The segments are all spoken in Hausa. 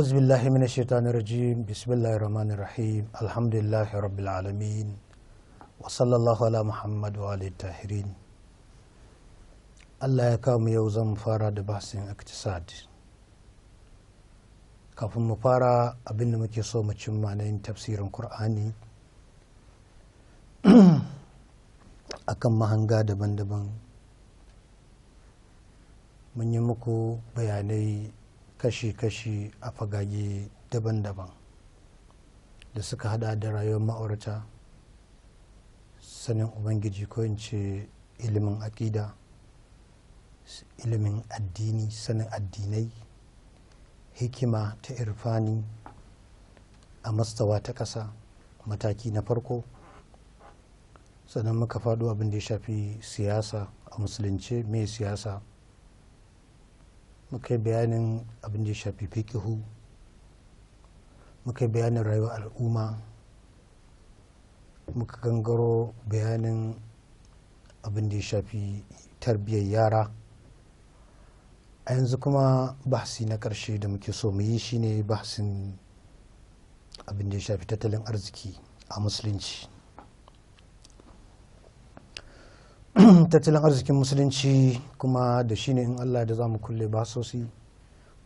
أعوذ بالله من الشيطان الرجيم بسم الله الرحمن الرحيم الحمد لله رب العالمين وصلى الله على محمد وعلى Allah ya kawo mu yau zan fara da bahasin iktisad kafin mu fara da muke so mu cimma na yin tafsirin Kur'ani akan mahanga daban-daban mun yi muku bayanai kashi-kashi a fagage daban-daban da suka hada da rayuwar ma'aurata sanin ubangiji ko in ce ilimin aƙida ilimin addini sanin addinai hikima ta irfani a mastawa ta ƙasa mataki na farko sannan muka faɗo abin da ya shafi siyasa a musulunce mai siyasa muka yi bayanin abin da ya shafi fikihu muka yi bayanin rayuwar al'umma muka gangaro bayanin abin da ya shafi tarbiyyar yara a yanzu kuma bahasi na karshe da muke so mu yi shine bahasin abin da ya shafi tattalin arziki a musulunci tattalin arzikin musulunci kuma da shi ne in allah da za mu kulle basosi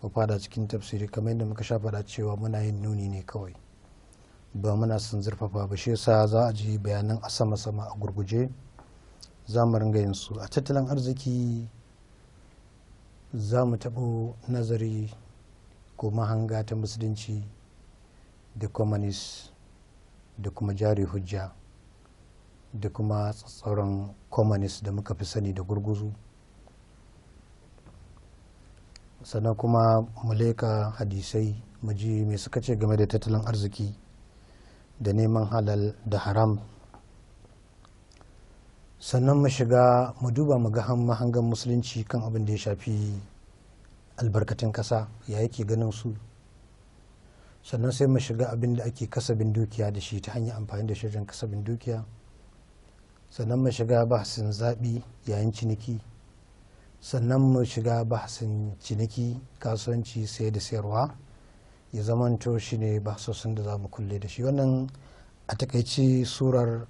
mu fada cikin tafsiri kamar yadda muka sha fada cewa muna yin nuni ne kawai ba muna sun zurfafa ba shi yasa za a ji bayanan a sama sama a gurguje za mu ringa yin su a tattalin arziki za mu taɓo nazari ko mahanga ta musulunci da communist da kuma jari hujja da kuma tsatsauran communist da muka fi sani da gurguzu sannan kuma malaika hadisai muji mai suka ce game da tattalin arziki da neman halal da haram sannan mu shiga mu duba mu ga mahangan musulunci kan abin da ya shafi albarkatun ƙasa ya yake ganin su sannan sai mu shiga abin da ake kasabin dukiya da shi ta hanyar amfani da shirin kasabin dukiya sannan mu shiga bahasin zaɓi yayin ciniki sannan mu shiga bahasin ciniki kasuwanci sai da sayarwa ya zamanto shi ne bahasosin da za mu kulle da shi wannan a takaici surar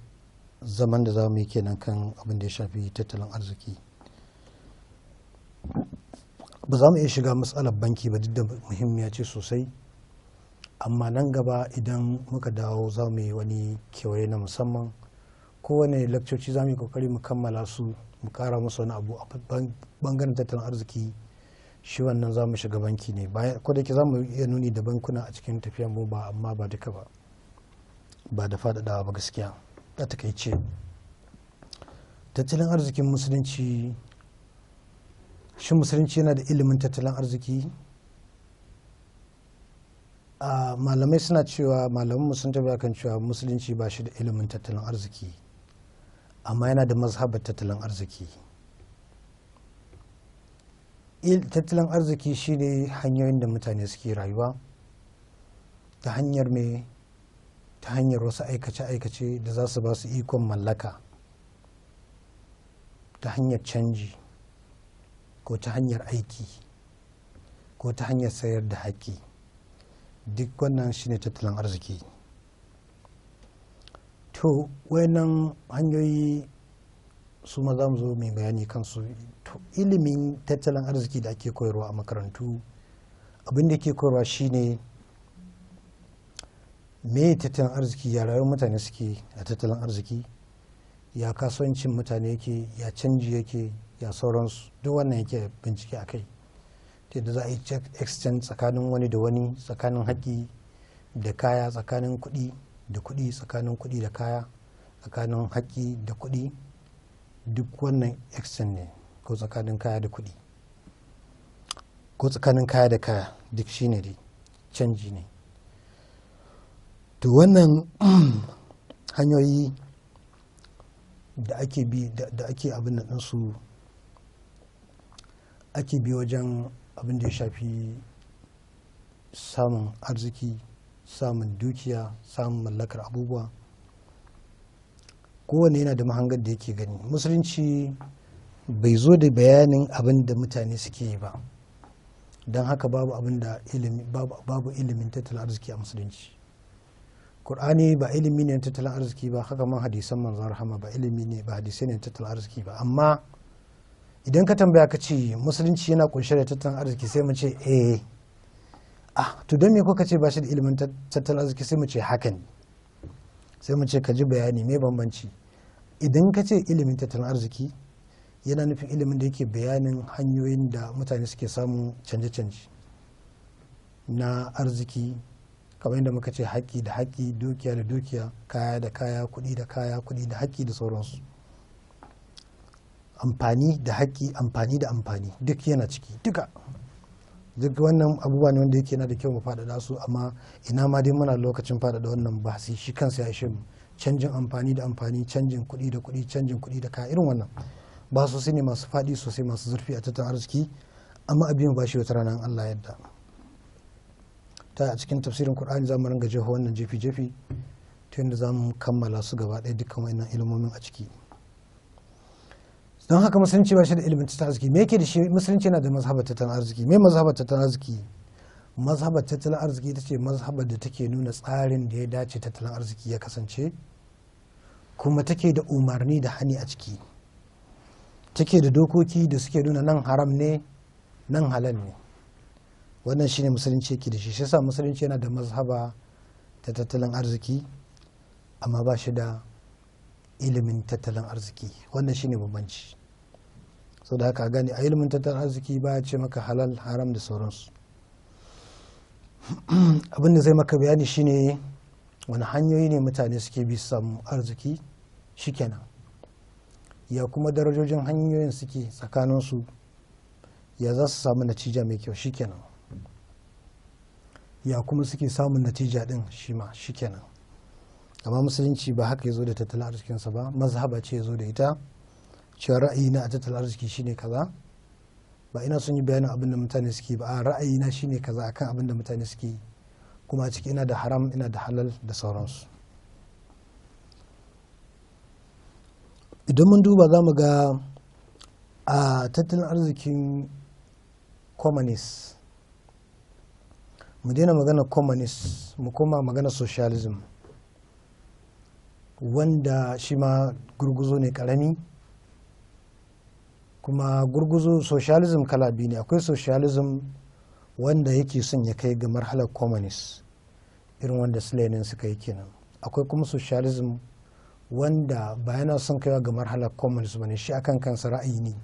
zaman da za mu yi kenan kan abin da ya shafi tattalin arziki ba za mu iya shiga matsalar banki ba duk da muhimmiya ce sosai amma nan gaba idan muka dawo za mu yi wani kewaye na musamman kowane lakcoci za mu yi kokari mu kammala su mu kara musu wani abu a bangaren tattalin arziki shi wannan za mu shiga banki ne ko da ke za mu iya nuni da bankuna a cikin tafiyan mu ba amma ba duka ba ba da faɗaɗawa ba gaskiya a takaice tattalin arzikin musulunci shi musulunci yana da ilimin tattalin arziki malamai suna cewa malamanmu sun tabi kan cewa musulunci ba shi da ilimin tattalin arziki amma yana da mazhabar tattalin arziki tattalin arziki shine hanyoyin da mutane suke rayuwa ta hanyar mai ta hanyar wasu aikace-aikace da za su ba su ikon mallaka ta hanyar canji ko ta hanyar aiki ko ta hanyar sayar da haƙƙi duk wannan shine tattalin arziki to wayannan hanyoyi su ma za mu zo mai bayani kansu to ilimin tattalin arziki da ake koyarwa a makarantu abin da ke koyarwa shine me tattalin arziki ya rayuwar mutane suke a tattalin arziki ya kasuwancin mutane yake ya canji yake ya sauransu duk wannan yake bincike a kai ta yadda za a yi exchange tsakanin wani da wani tsakanin haƙƙi da kaya tsakanin kuɗi da kuɗi tsakanin kuɗi da kaya tsakanin haƙƙi da kuɗi duk wannan action ne ko tsakanin kaya da kuɗi ko tsakanin kaya da kaya duk shi ne dai canji ne to wannan hanyoyi da ake bi da ake abin da ɗinsu ake bi wajen abin da ya shafi samun arziki samun dukiya samun mallakar abubuwa kowane yana da mahangar da yake gani musulunci bai zo da bayanin abin da mutane suke yi ba don haka babu abin da babu ilimin tattalin arziki a musulunci ƙurani ba ilimi ne tattalin arziki ba haka man hadisan manzan rahama ba ilimi ne ba hadisai ne tattalin arziki ba amma idan ka tambaya ka ce musulunci yana kunshe da tattalin arziki sai mu ce eh ah to don me kuka ce ba shi da ilimin tattalin arziki sai mu ce haka ne sai mu ce ka ji bayani me bambanci idan ka ce ilimin tattalin arziki yana nufin ilimin da yake bayanin hanyoyin da mutane suke samun canje-canje na arziki kamar yadda muka ce haƙƙi da haƙƙi dukiya da dukiya kaya da kaya kuɗi da kaya kuɗi da haƙƙi da sauransu amfani da haƙƙi amfani da amfani duk yana ciki duka duk wannan abubuwa ne wanda yake yana da kyau mu faɗaɗa su amma ina ma dai muna lokacin faɗaɗa wannan ba bahasi shi kansa ya shi canjin amfani da amfani canjin kuɗi da kuɗi canjin kuɗi da ka irin wannan ba su ne masu faɗi sosai masu zurfi a tattalin arziki amma abin ba shi wata ranar Allah yadda ta a cikin tafsirin Qur'ani zamu ringa jeho wannan jefi jefi ta yadda zamu kammala su gaba ɗaya dukkan wannan ilimomin a ciki don haka musulunci ba shi da ilimin tattalin arziki me yake da shi musulunci yana da mazhabar tattalin arziki me mazhabar tattalin arziki mazhabar tattalin arziki ita ce mazhabar da take nuna tsarin da ya dace tattalin arziki ya kasance kuma take da umarni da hani a ciki take da dokoki da suke nuna nan haram ne nan halal ne wannan shine musulunci yake da shi shi yasa musulunci yana da mazhaba ta tattalin arziki amma ba shi da ilimin tattalin arziki wannan shine bambanci sau da haka gani a ilimin tattalin arziki ba ya ce maka halal haram da sauransu abin da zai maka bayani shi ne wani hanyoyi ne mutane suke bi samu arziki shikenan ya kuma darajojin hanyoyin suke tsakaninsu ya za su samu natija mai kyau shikenan ya kuma suke samun natija din shi ma shikenan amma musulunci ba haka ya zo da tattalin arzikinsa ba mazhaba ce ya zo da ita cewa na a tattalin arziki shine kaza ba ina son yi bayanin abin da mutane suke ba a ra'ayi na shine kaza akan abin da mutane suke kuma a ciki ina da haram ina da halal da sauransu idan mun duba za mu ga a tattalin arzikin komanis mu daina magana communist mu koma magana socialism wanda shi ma gurguzo ne karami kuma gurguzu socialism kala biyu ne akwai socialism wanda yake son ya kai ga marhalar communist irin wanda su lenin suka yi kenan akwai kuma socialism wanda ba yana son kaiwa ga marhalar communist ba ne shi akan kansa ra'ayi ne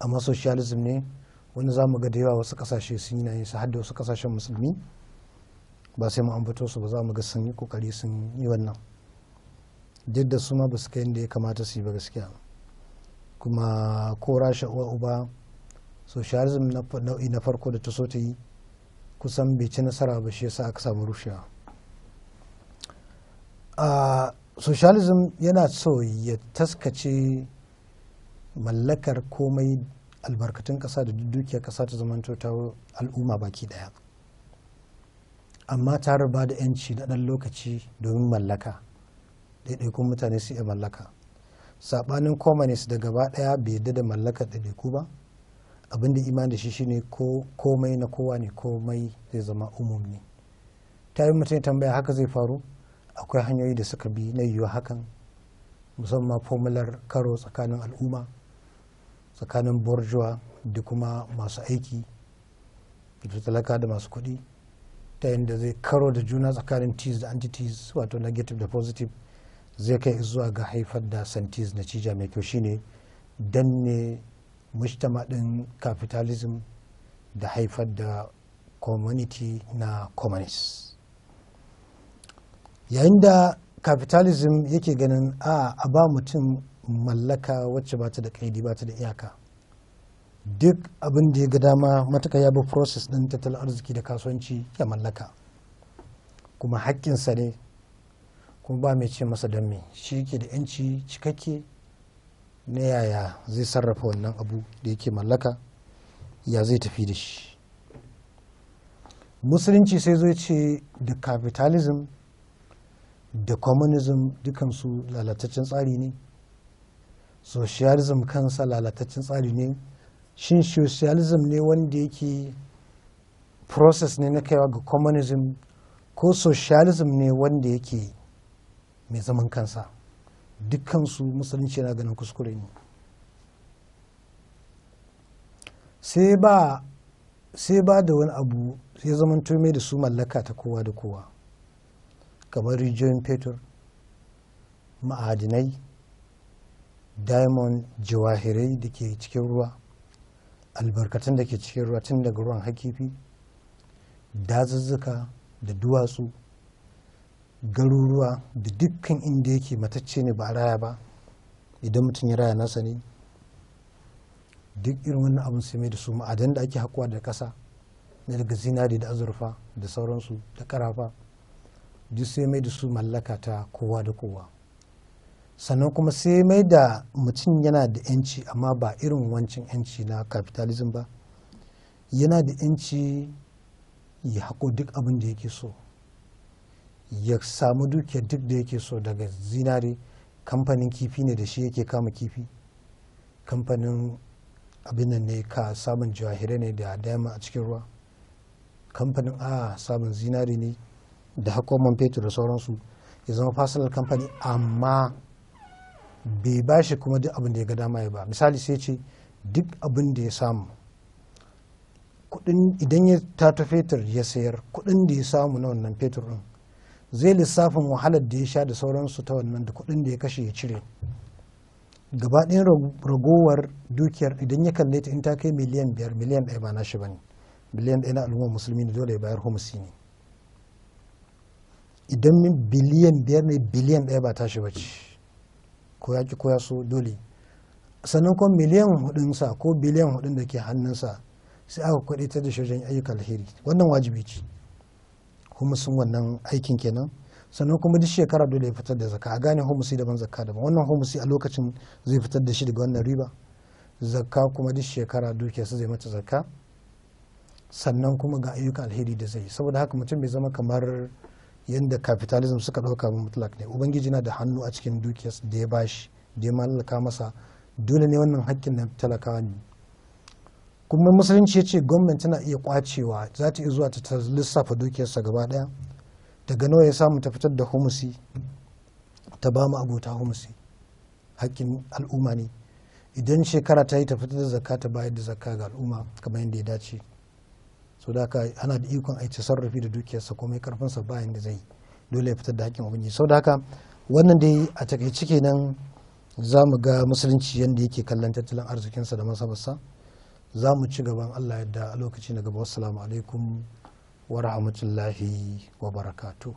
amma socialism ne wani za mu ga da yawa wasu kasashe sun yi na yi har da wasu kasashen musulmi ba sai mu ambato su ba za mu ga sun yi kokari sun yi wannan duk da su ma ba su kai inda ya kamata su yi ba gaskiya kuma ko rasha uwa uba socialism nau'i na farko da ta so ta yi kusan bai ci nasara ba shi yasa aka samu rushewa socialism yana so ya taskace mallakar komai albarkatun ƙasa da dukiyar ƙasa ta zamanto ta al'umma baki daya amma ta riba da 'yanci na ɗan lokaci domin mallaka ɗaiɗaikun mutane su iya mallaka sabanin communist da gaba daya bai yadda da mallakar ɗabi'u ba abin da imani da shi shine ko komai na kowa ne komai zai zama umumi ta yi mutum tambaya haka zai faru akwai hanyoyi da suka bi na yiwuwa hakan musamman fomular karo tsakanin al'umma tsakanin borjuwa da kuma masu aiki da talaka da masu kuɗi ta yadda zai karo da juna tsakanin tees da antithees wato negative da positive zai kai zuwa ga haifar da santis cija mai kyau shine danne mujtama din capitalism da haifar da community na communist yayin da capitalism yake ganin a a ba mutum mallaka wacce ba ta da kaidi ba ta da iyaka duk abin da ya ga dama matuka ya bi process din tattalin arziki da kasuwanci ya mallaka kuma haƙƙinsa ne kuma ba mai ce masa don me shi ke da yanci cikakke na yaya zai sarrafa wannan abu da yake mallaka ya zai tafi da shi musulunci sai zo ce da capitalism da communism dukansu lalataccen tsari ne socialism kansa lalataccen tsari ne shin socialism ne wanda yake process ne na kaiwa ga communism ko socialism ne wanda yake mai zaman kansa dukkansu musulunci na ganin kuskure ne sai ba da wani abu sai zaman mai da su mallaka ta kowa da kowa kamar rijiyoyin fetur ma'adinai diamond jawahirai da ke cikin ruwa albarkatun da ke cikin ruwa tun daga ruwan hakifi dazuzzuka da duwatsu garuruwa da dukkan inda yake matacce ne ba a raya ba idan mutum ya raya nasa ne duk irin wannan abin sai mai da su ma'adan da ake hakuwa da ƙasa na daga zinari da azurfa da sauransu da karafa duk sai mai da su mallaka ta kowa da kowa sannan kuma sai mai da mutum yana da yanci amma ba irin wancin yanci na capitalism ba yana da yanci ya haƙo duk abin da yake so ya samu dukiyar duk da yake so daga zinari kamfanin kifi ne da shi yake kama kifi kamfanin abin ne ka samun jahire ne da dama a cikin ruwa kamfanin a samun zinari ne da hakoman fetur da sauransu ya zama fasalar kamfani amma bai ba shi kuma duk abin da ya ga dama ya ba misali sai ce duk abin da ya samu kudin idan ya tato fetur ya sayar kudin da ya samu na wannan fetur din zai lissafin wahalar da ya sha da sauransu ta wannan da kuɗin da ya kashe ya cire gabaɗin ragowar dukiyar idan ya kalle ta in ta kai miliyan biyar miliyan ɗaya ba nashi bane biliyan ɗaya na al'ummar musulmi ne dole ya bayar humusi ne idan min biliyan biyar ne biliyan ɗaya ba tashi ba ce ko ya ki ko ya so dole sannan kuma miliyan sa ko biliyan hudun da ke hannunsa sai aka kwaɗe ta da wajen ayyukan alheri wannan wajibi ce humusin wannan aikin kenan sannan kuma duk shekara dole ya fitar da zakka a gane humusi daban zakka daban wannan humusi a lokacin zai fitar da shi daga wannan riba zakka kuma duk shekara su zai mata zakka sannan kuma ga ayyukan alheri da zai saboda haka mutum bai zama kamar yadda capitalism suka ɗauka mutlak ne ubangiji na da hannu a cikin dukiyarsa da ya bashi da ya mallaka masa dole ne wannan hakkin na talakawa kuma musulunci ya ce gwamnati tana iya kwacewa za ta iya zuwa ta lissafa dukiyarsa gaba daya daga nawa ya samu ta fitar da humusi ta ba mu abota humusi hakkin al'umma ne idan shekara ta yi ta fitar da zakka ta bayar da zakka ga al'umma kamar yadda ya dace so da haka ana da ikon a ta sarrafi da dukiyarsa komai karfinsa bayan da zai dole ya fitar da hakkin abinci sau da haka wannan dai a takaice kenan za mu ga musulunci yadda yake kallon tattalin arzikinsa da masabarsa za mu ci gaban allah yadda a lokaci na gaba wasu alaikum wa rahmatullahi wa barakatuh